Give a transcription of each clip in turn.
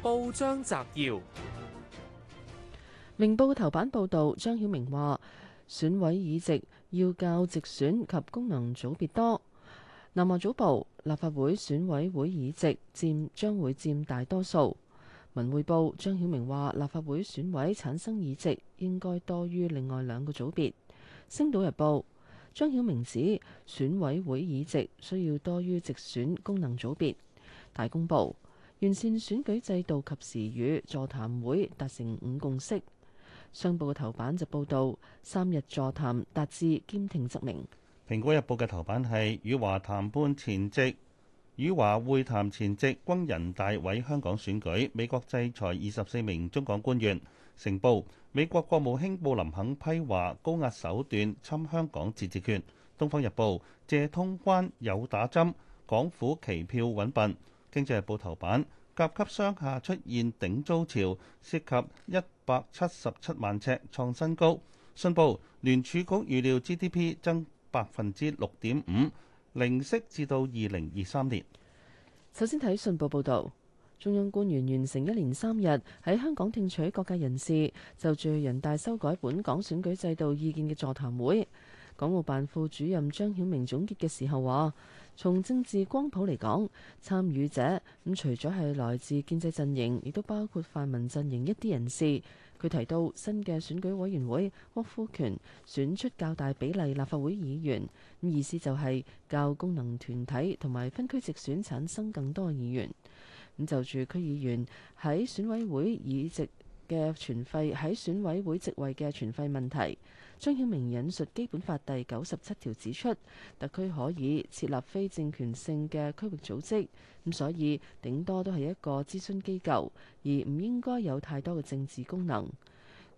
報章摘要：明報頭版報道，張曉明話選委議席要較直選及功能組別多。南華早報立法會選委會議席佔將會佔大多數。文匯報張曉明話立法會選委產生議席應該多於另外兩個組別。星島日報張曉明指選委會議席需要多於直選功能組別。大公報完善選舉制度及時與座談會達成五共識。商報嘅頭版就報道，三日座談達至兼聽則明。蘋果日報嘅頭版係與華談判前夕，與華會談前夕轟人大委香港選舉，美國制裁二十四名中港官員。成報，美國國務卿布林肯批話高壓手段侵香港自治權。東方日報借通關有打針，港府期票揾笨。經濟日報頭版，甲級商廈出現頂租潮，涉及一百七十七萬尺創新高。信報，聯儲局預料 GDP 增百分之六點五，零息至到二零二三年。首先睇信報報道，中央官員完成一連三日喺香港聽取各界人士就住人大修改本港選舉制度意見嘅座談會。港澳辦副主任張曉明總結嘅時候話。從政治光譜嚟講，參與者咁除咗係來自建制陣營，亦都包括泛民陣營一啲人士。佢提到新嘅選舉委員會獲賦權選出較大比例立法會議員，咁意思就係較功能團體同埋分區直選產生更多議員。咁就住區議員喺選委會以直嘅存廢喺選委會席位嘅存廢問題，張曉明引述《基本法》第九十七條指出，特區可以設立非政權性嘅區域組織，咁所以頂多都係一個諮詢機構，而唔應該有太多嘅政治功能。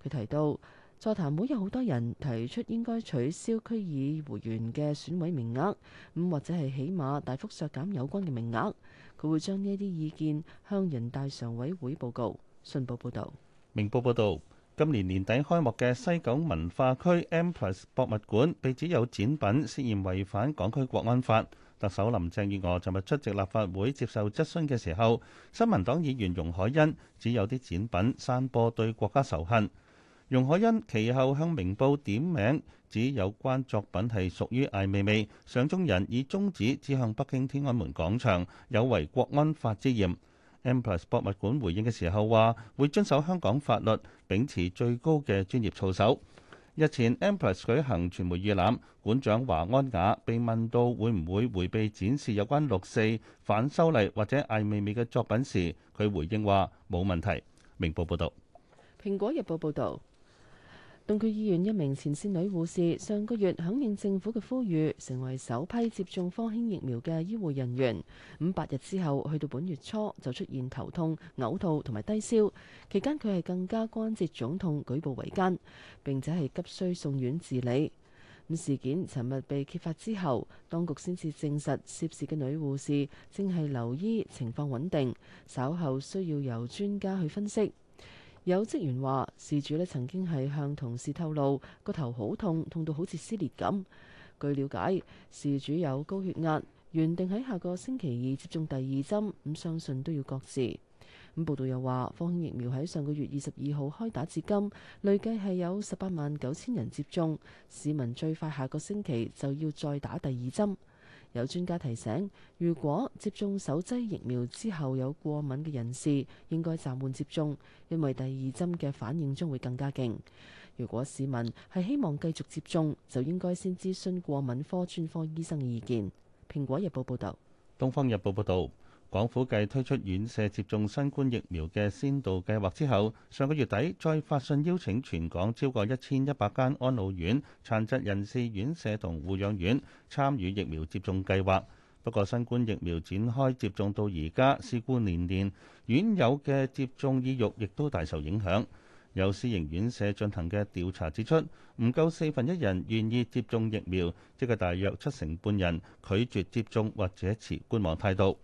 佢提到，座談會有好多人提出應該取消區議會員嘅選委名額，咁或者係起碼大幅削減有關嘅名額。佢會將呢啲意見向人大常委會報告。信報報導。明報報導，今年年底開幕嘅西九文化區 M+ 博物館被指有展品涉嫌違反港區國安法。特首林鄭月娥尋日出席立法會接受質詢嘅時候，新民黨議員容海恩指有啲展品散播對國家仇恨。容海恩其後向明報點名指有關作品係屬於艾未未，上中人以中指指向北京天安門廣場，有違國安法之嫌。M+ 博物館回應嘅時候話，會遵守香港法律，秉持最高嘅專業操守。日前 M+ 舉行傳媒預覽，館長華安雅被問到會唔會迴避展示有關六四反修例或者艾未未嘅作品時，佢回應話冇問題。明報報導，蘋果日報報導。東區醫院一名前線女護士上個月響應政府嘅呼籲，成為首批接種科興疫苗嘅醫護人員。咁八日之後去到本月初就出現頭痛、嘔吐同埋低燒，期間佢係更加關節腫痛、舉步維艱，並且係急需送院治理。咁事件尋日被揭發之後，當局先至證實涉事嘅女護士正係留醫，情況穩定，稍後需要由專家去分析。有職員話，事主呢曾經係向同事透露個頭好痛，痛到好似撕裂咁。據了解，事主有高血壓，原定喺下個星期二接種第二針，咁相信都要擱置。咁報道又話，科興疫苗喺上個月二十二號開打至今，累計係有十八萬九千人接種，市民最快下個星期就要再打第二針。有專家提醒，如果接種首劑疫苗之後有過敏嘅人士，應該暫緩接種，因為第二針嘅反應將會更加勁。如果市民係希望繼續接種，就應該先諮詢過敏科專科醫生意見。《蘋果日報》報導。《東方日報》報導。港府繼推出院舍接種新冠疫苗嘅先導計劃之後，上個月底再發信邀請全港超過一千一百間安老院、殘疾人士院舍同護養院參與疫苗接種計劃。不過，新冠疫苗展開接種到而家事故年年，院友嘅接種意欲亦都大受影響。有私營院舍進行嘅調查指出，唔夠四分一人願意接種疫苗，即係大約七成半人拒絕接種或者持觀望態度。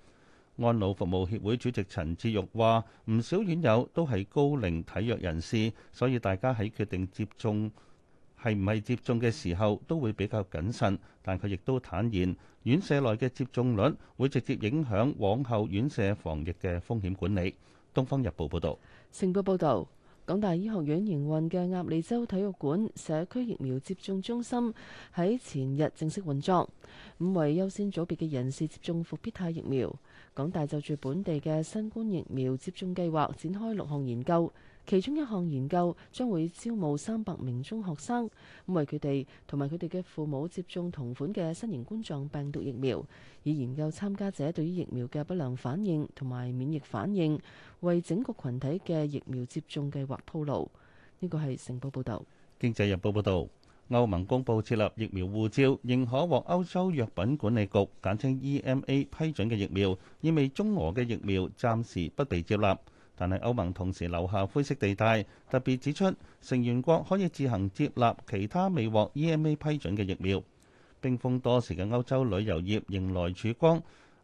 安老服務協會主席陳志玉話：唔少院友都係高齡體弱人士，所以大家喺決定接種係唔係接種嘅時候都會比較謹慎。但佢亦都坦言，院舍內嘅接種率會直接影響往後院舍防疫嘅風險管理。《東方日報》報道：「成報報道，港大醫學院營運嘅鴨脷洲體育館社區疫苗接種中心喺前日正式運作，五位優先組別嘅人士接種復必泰疫苗。港大就住本地嘅新冠疫苗接種計劃展開六項研究，其中一項研究將會招募三百名中學生，為佢哋同埋佢哋嘅父母接種同款嘅新型冠狀病毒疫苗，以研究參加者對於疫苗嘅不良反應同埋免疫反應，為整個群體嘅疫苗接種計劃鋪路。呢個係成報報道，《經濟日報》報道。歐盟公布設立疫苗護照，認可獲歐洲藥品管理局簡稱 EMA 批准嘅疫苗，意味中俄嘅疫苗暫時不被接納。但係歐盟同時留下灰色地帶，特別指出成員國可以自行接納其他未獲 EMA 批准嘅疫苗。冰封多時嘅歐洲旅遊業迎來曙光。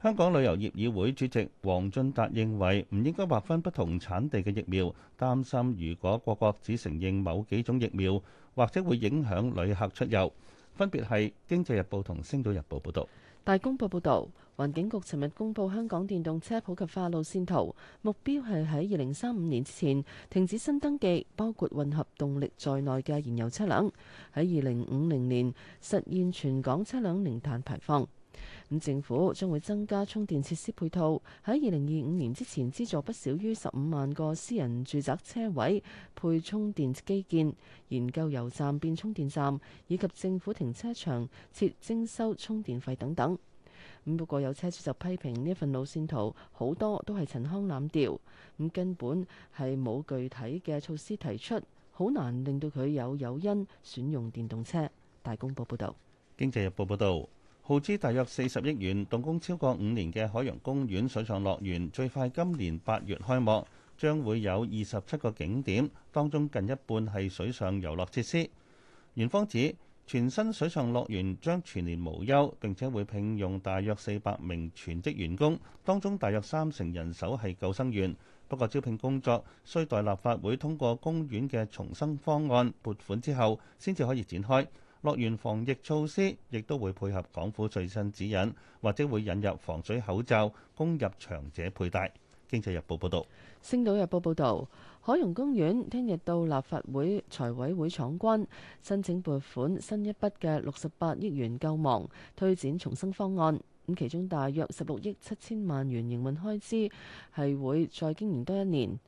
香港旅遊業議會主席黃俊達認為，唔應該劃分不同產地嘅疫苗，擔心如果各國只承認某幾種疫苗，或者會影響旅客出遊，分別係《經濟日報》同《星島日報》報導。大公報報導，環境局尋日公佈香港電動車普及化路線圖，目標係喺二零三五年之前停止新登記，包括混合動力在內嘅燃油車輛，喺二零五零年實現全港車輛零碳排放。政府將會增加充電設施配套，喺二零二五年之前資助不少於十五萬個私人住宅車位配充電基建，研究油站變充電站，以及政府停車場設徵收充電費等等。咁不過有車主就批評呢一份路線圖好多都係陳腔濫調，咁根本係冇具體嘅措施提出，好難令到佢有誘因選用電動車。大公報報道。經濟日報報道。耗資大約四十億元，動工超過五年嘅海洋公園水上樂園最快今年八月開幕，將會有二十七個景點，當中近一半係水上遊樂設施。園方指全新水上樂園將全年無休，並且會聘用大約四百名全職員工，當中大約三成人手係救生員。不過招聘工作須待立法會通過公園嘅重生方案撥款之後，先至可以展開。落完防疫措施，亦都會配合港府最新指引，或者會引入防水口罩供入場者佩戴。經濟日報報導。《星島日報》報導，海洋公園聽日到立法會財委會闖關，申請撥款新一筆嘅六十八億元救亡推展重生方案。咁其中大約十六億七千萬元營運開支係會再經營多一年。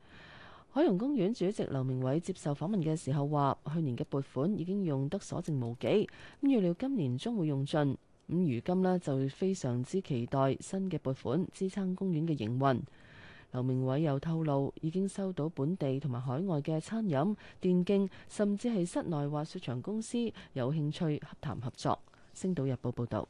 海洋公園主席劉明偉接受訪問嘅時候話：去年嘅撥款已經用得所剩無幾，咁預料今年將會用盡。咁如今呢，就非常之期待新嘅撥款支撐公園嘅營運。劉明偉又透露已經收到本地同埋海外嘅餐飲、電競甚至係室內滑雪場公司有興趣洽談合作。星島日報報道。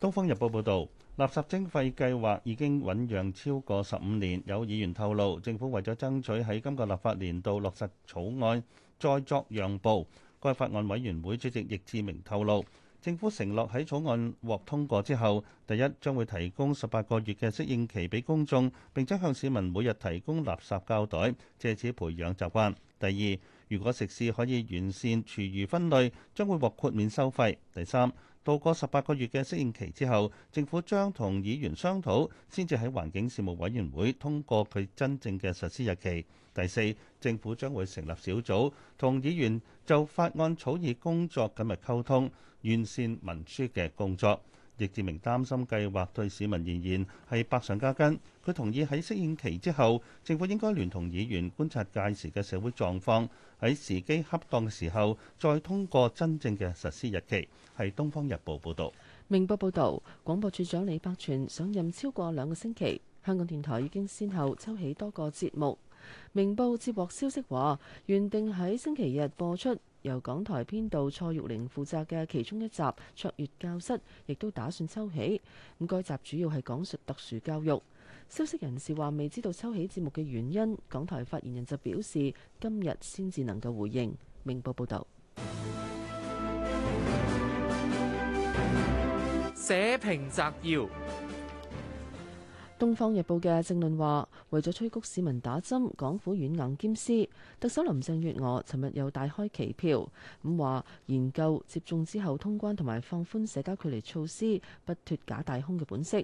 《東方日報》報導，垃圾徵費計劃已經醞釀超過十五年，有議員透露，政府為咗爭取喺今個立法年度落實草案，再作讓步。該法案委員會主席易志明透露，政府承諾喺草案獲通過之後，第一將會提供十八個月嘅適應期俾公眾，並且向市民每日提供垃圾膠袋，借此培養習慣。第二，如果食肆可以完善廚餘分類，將會獲豁免收費。第三，度過十八個月嘅適應期之後，政府將同議員商討，先至喺環境事務委員會通過佢真正嘅實施日期。第四，政府將會成立小組，同議員就法案草擬工作緊密溝通，完善文書嘅工作。易志明擔心計劃對市民而言係百上加斤。佢同意喺適應期之後，政府應該聯同議員觀察屆時嘅社會狀況，喺時機恰當嘅時候再通過真正嘅實施日期。係《東方日報》報導，《明報》報導，廣播處長李百全上任超過兩個星期，香港電台已經先後抽起多個節目。明報接獲消息話，原定喺星期日播出。由港台編導蔡玉玲負責嘅其中一集《卓越教室》亦都打算抽起。咁該集主要係講述特殊教育。消息人士話未知道抽起節目嘅原因，港台發言人就表示今日先至能夠回應。明報報道。社評摘要。《東方日報》嘅正論話：為咗催谷市民打針，港府軟硬兼施。特首林鄭月娥尋日又大開期票，咁話研究接種之後通關同埋放寬社交距離措施，不脫假大空嘅本色。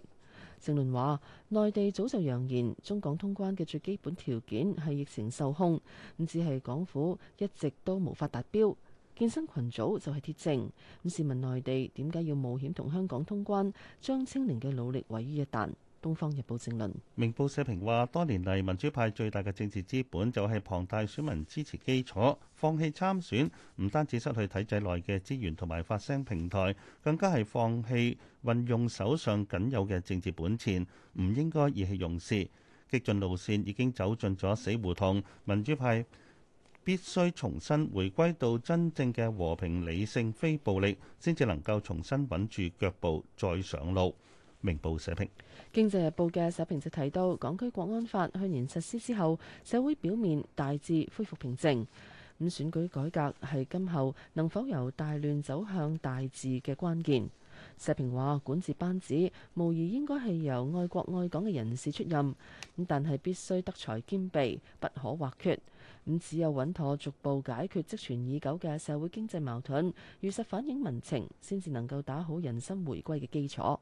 正論話：內地早就揚言中港通關嘅最基本條件係疫情受控，咁只係港府一直都無法達標。健身群組就係鐵證。咁試問內地點解要冒險同香港通關，將清零嘅努力毀於一旦？《東方日報》正論，《明報》社評話：多年嚟，民主派最大嘅政治資本就係龐大選民支持基礎。放棄參選，唔單止失去體制內嘅資源同埋發聲平台，更加係放棄運用手上僅有嘅政治本錢，唔應該意氣用事。激進路線已經走進咗死胡同，民主派必須重新回歸到真正嘅和平、理性、非暴力，先至能夠重新穩住腳步，再上路。明報社評，《經濟日報》嘅社評就提到，港區國安法去年實施之後，社會表面大致恢復平靜。咁選舉改革係今後能否由大亂走向大治嘅關鍵。社評話，管治班子無疑應該係由愛國愛港嘅人士出任，咁但係必須德才兼備，不可或缺。咁只有穩妥逐步解決積存已久嘅社會經濟矛盾，如實反映民情，先至能夠打好人心回歸嘅基礎。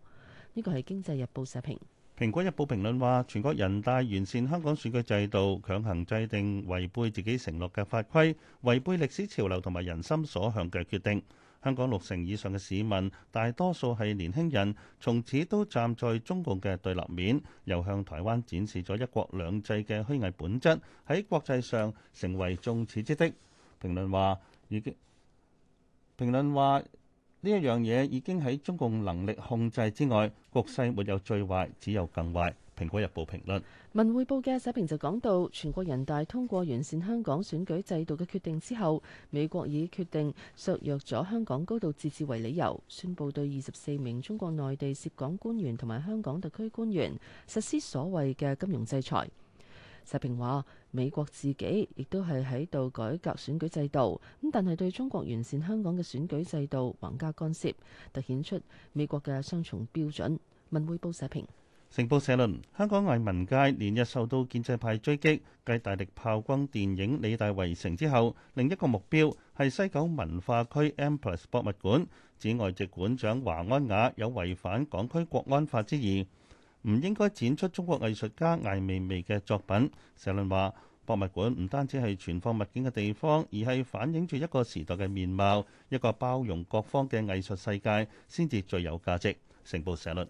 呢個係《經濟日報》社評，《蘋果日報》評論話：全國人大完善香港選舉制度，強行制定違背自己承諾嘅法規，違背歷史潮流同埋人心所向嘅決定。香港六成以上嘅市民，大多數係年輕人，從此都站在中共嘅對立面，又向台灣展示咗一國兩制嘅虛偽本質，喺國際上成為眾矢之的。評論話已經，評論話。呢一樣嘢已經喺中共能力控制之外，局勢沒有最壞，只有更壞。《蘋果日報》評論，《文匯報》嘅社評就講到，全國人大通過完善香港選舉制度嘅決定之後，美國已決定削弱咗香港高度自治為理由，宣布對二十四名中國內地涉港官員同埋香港特區官員實施所謂嘅金融制裁。社評話：美國自己亦都係喺度改革選舉制度，咁但係對中國完善香港嘅選舉制度橫加干涉，突顯出美國嘅雙重標準。文匯報社評，成報社論：香港藝文界連日受到建制派追擊，繼大力炮轟電影理大圍城之後，另一個目標係西九文化區 M+ 博物館，指外籍館長華安雅有違反港區國安法之意。唔應該展出中國藝術家艾未未嘅作品。社論話，博物館唔單止係存放物件嘅地方，而係反映住一個時代嘅面貌，一個包容各方嘅藝術世界，先至最有價值。成報社論。